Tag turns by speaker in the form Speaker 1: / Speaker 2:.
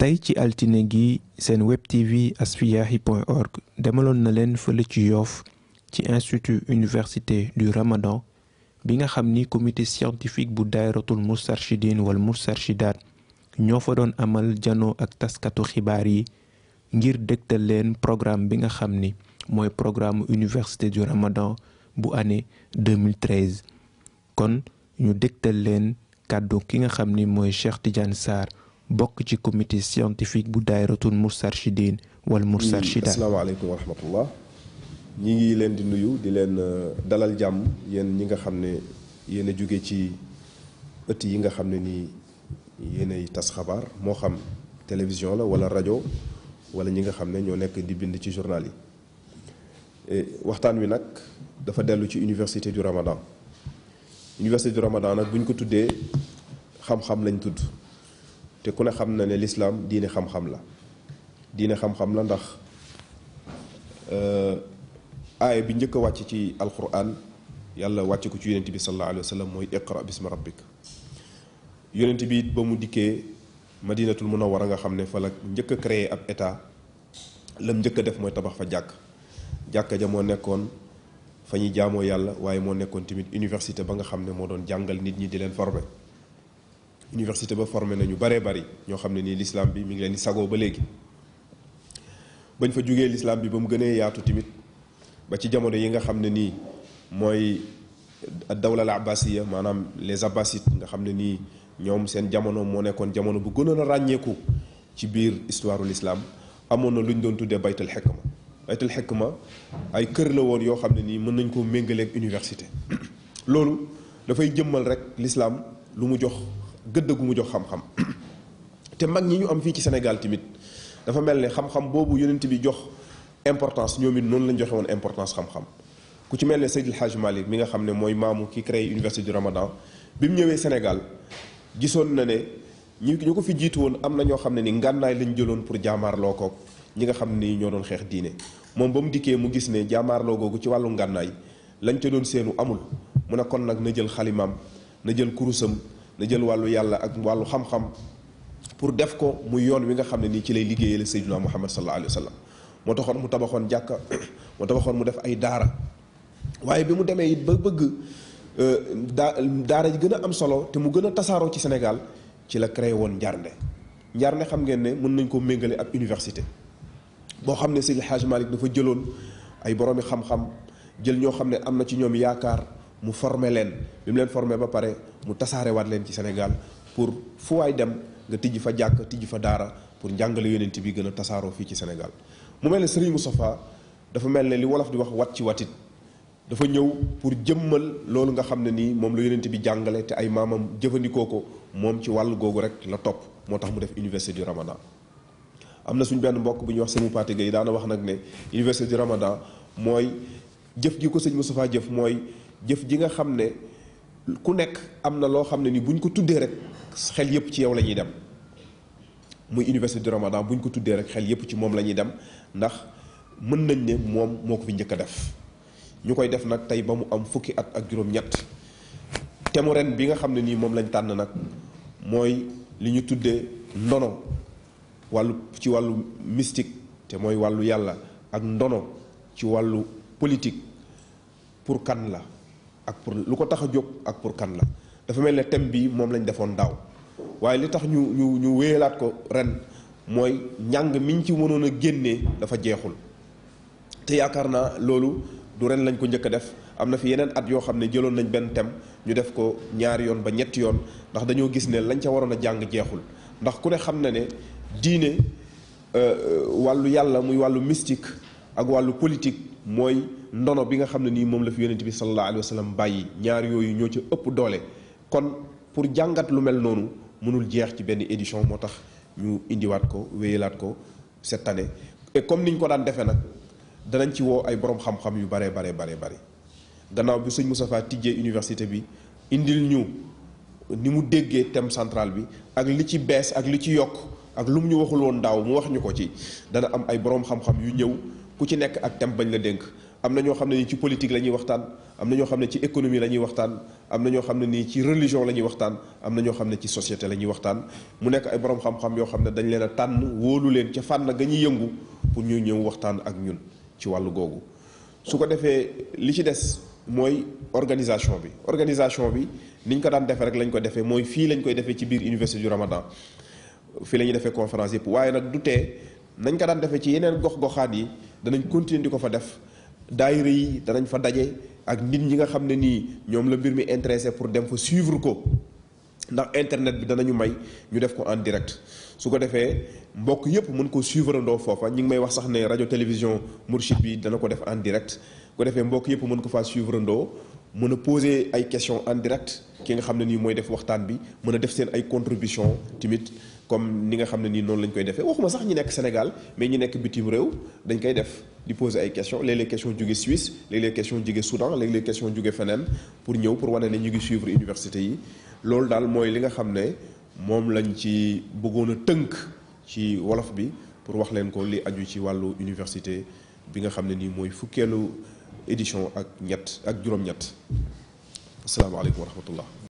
Speaker 1: tey ci altine gi seen web tv asfiyahi point org demaloon na leen fële ci yoof ci institut université du ramadan bi nga xam ni comité scientifique bu daayratul moustarchidine wal moustarchidaat ñoo fa doon amal jano ak taskatu xibaar yi ngir dégtal leen programme bi nga xam ni mooy programme université du ramadan bu année 2013 kon ñu dégtal leen kàddu ki nga xam ni mooy Cheikh Tidiane Sarr bokk ci comité scientifique bu daayratul mursarchidin wal mursarchida mm, asalaamaaleykum wa rahmatullah ñi ngi leen di nuyu di leen euh, dalal jàmm yéen ñi nga xam ne yéen a jóge ci ëtt yi nga xam ne nii yéen ay tas xabaar moo xam télévision la wala rajo wala ñi nga xam ne ñoo nekk di bind ci journal yi waxtaan wi nag dafa dellu ci université du Ramadan université du Ramadan nag bu ñu ko tuddee xam-xam lañ tudd te ku ne xam na ne lislaam diine xam-xam la diine xam-xam la ndax euh, aaya bi njëkk wàcc ci alquran yàlla wàcc ko ci yonent bi sallallahu alayhi mooy iqra bismi rabbik yonent bi it ba mu dikkee madinatul war a nga xam ne fa la njëkk a créé ab état lam njëkk def mooy tabax fa jàkk jàkka ja moo nekkoon fa ñuy jaamoo yàlla waaye moo nekkoon tamit université ba nga xam ne moo doon jàngal nit ñi di leen former université ba formé nañu baree bari ñoo xam ne nii l'islam bi mu ngi leen di sagoo ba léegi bañ fa jógee lislaam bi ba mu gënee yaatu tamit ba ci jamono yi nga xam ne nii mooy dawla al abbasiya maanaam les abbasides nga xam ne nii ñoom seen jamono moo nekkoon jamono bu gënoon a ràññeeku ci biir histoire lislaam amoon na lu ñu doon tuddee ma xikma baytal ma ay kër la woon yoo xam ne nii mën nañ koo méngaleek université loolu dafay jëmmal rek l'islam lu mu jox gëdd gu mu jox xam-xam te mag ñi ñu am fii ci Sénégal tamit dafa mel ne xam-xam boobu yonent bi jox importance ñoom it noonu lañ joxe woon importance xam-xam ku ci mel ne Seydil Hadj Malick mi nga xam ne mooy maamu ki créé université du Ramadan bi mu ñëwee Sénégal gisoon na ne ñu ñu ko fi jiitu woon am na ñoo xam ne ni ngànnaay lañ jëloon pour jaamaarloo ko ñi nga xam ni ñoo doon xeex diine moom ba mu dikkee mu gis ne jaamaarloo googu ci wàllu ngànnaay lañ ca doon seenu amul mu ne kon nag na jël xalimaam na jël kurusam na jël wàllu yàlla ak wàllu xam-xam pour def ko muy yoon wi nga xam ne nii ci lay liggéeyal Seydina Muhammad sallallahu alayhi wa sallam moo taxoon mu tabaxoon jàkk moo tabaxoon mu def ay daara waaye bi mu demee it ba bëgg euh, daa daara ji gën a am solo te mu gën a tasaaroo ci Sénégal ci la créé woon Njarnde Njarnde xam ngeen ne mën nañ koo méngale ak université boo xam ne Seydi Hadj Malick dafa jëloon ay boroomi xam-xam jël ñoo xam ne am na ci ñoom yaakaar mu formé leen bi mu leen formé ba pare mu tasaare tasaarewaat leen ci Sénégal pour fu waay dem nga tijji fa jàkk tijji fa daara pour njàngale yonent bi gën a tasaaroo fii ci Sénégal mu mel ne Serigne Moustapha dafa mel ne li wolof di wax wat ci watit dafa ñëw pour jëmmal loolu nga xam ne nii moom la yonent bi jàngale te ay maamam jëfandikoo ko moom ci wàll googu rek la topp moo tax mu def université du Ramadan am na suñu benn mbokk bu ñuy wax sëñ Pathé Gueye daana wax nag ne université du Ramadan mooy jëf gi ko sëñ Moustapha jëf mooy jëf ji nga xam ne ku nekk am na loo xam ne ni buñ ko tuddee rek xel yëpp ci yow la ñuy dem muy université du Ramadan buñ ko tuddee rek xel yëpp ci moom la ñuy dem ndax mën nañ ne moom moo ko fi njëkk a def ñu koy def nag tey ba mu am fukki at ak juróom-ñett te mu ren bi nga xam ne nii moom lañ tànn nag mooy li ñu tuddee ndono wàllu ci wàllu mystique te mooy wàllu yàlla ak ndono ci wàllu politique pour kan la pour lu ko tax a jóg ak pour kan la dafa mel ne thème bii moom lañ defoon daaw waaye li tax ñu ñu ñu wéyalaat ko ren mooy njàng miñ ci mënoon a génnee dafa jeexul te yaakaar naa loolu du ren lañ ko njëkk a def am na fi yeneen at yoo xam ne jëloon nañ benn thème ñu def ko ñaari yoon ba ñetti yoon ndax dañoo gis ne lañ ca waroon a jàng jeexul ndax ku ne xam na ne diine euh, wàllu yàlla muy wàllu mystique ak wàllu politique mooy ndono bi nga xam ne nii moom la fi yonent bi sallallahu alayhi wa bàyyi ñaar yooyu ñoo ca ëpp doole kon pour jàngat lu mel noonu mënul jeex ci benn édition moo tax ñu indiwaat ko wéyalaat ko cette année te comme niñ ko daan defee nag danañ ci woo ay borom xam-xam yu baree baree baree bëri gannaaw bi sëñ Moustapha tijjee université bi indil ñu ni mu déggee thème centrale bi ak li ci bees ak li ci yokk ak lu mu ñu waxul woon daaw mu wax ñu ko ci dana am ay borom xam yu ñëw ku ci nekk ak thème bañ la dénk am na ñoo xam ne nii ci politique la ñuy waxtaan am na ñoo xam ne ci économie la ñuy waxtaan am na ñoo xam ne nii ci religion la ñuy waxtaan am na ñoo xam ne ci société la ñuy waxtaan mu nekk ay borom xam-xam yoo xam ne dañ leen a tànn wóolu leen ci fànn ga ñuy yëngu pour ñu ñëw waxtaan ak ñun ci wàllu googu su ko defee li ci des mooy organisation bi organisation bi niñ ko daan defee rek lañ ko defee mooy fii lañ koy defee ci biir université du Ramadan fii la ñuy defee conférence yëpp waaye nag du tee nañ ko daan defee ci yeneen gox-goxaat yi danañ continuer di ko fa def daayira yi danañ fa daje ak nit ñi nga xam ne nii ñoom la mbir mi intéressé pour dem fa suivre ko ndax internet bi danañu may ñu def ko en direct su ko defee mbokk yëpp mën ko suivre andoo foofa ñi ngi may wax sax ne rajo télévision Mourchid bi dana ko def en direct ko defee mbokk yëpp mën ko fa suivre andoo mën a poser ay question en direct ki nga xam ne nii mooy def waxtaan bi mën a def seen ay contribution tamit comme ni nga xam ne nii noonu lañ koy defee waxuma sax ñi nekk Sénégal mais ñi nekk bitim réew dañ koy def di poser ay questions léeg-léeg question jóge Suisse léeg-léeg question jóge Soudan léeg-léeg question jóge feneen pour ñëw pour wane ne ñu ngi suivre université yi loolu daal mooy li nga xam ne moom lañ ci bëggoon a tënk ci wolof bi pour wax leen ko li aju ci wàllu université bi nga xam ne nii mooy fukkeelu édition ak ñett ak juróom-ñett asalaamaaleykum wa rahmatullah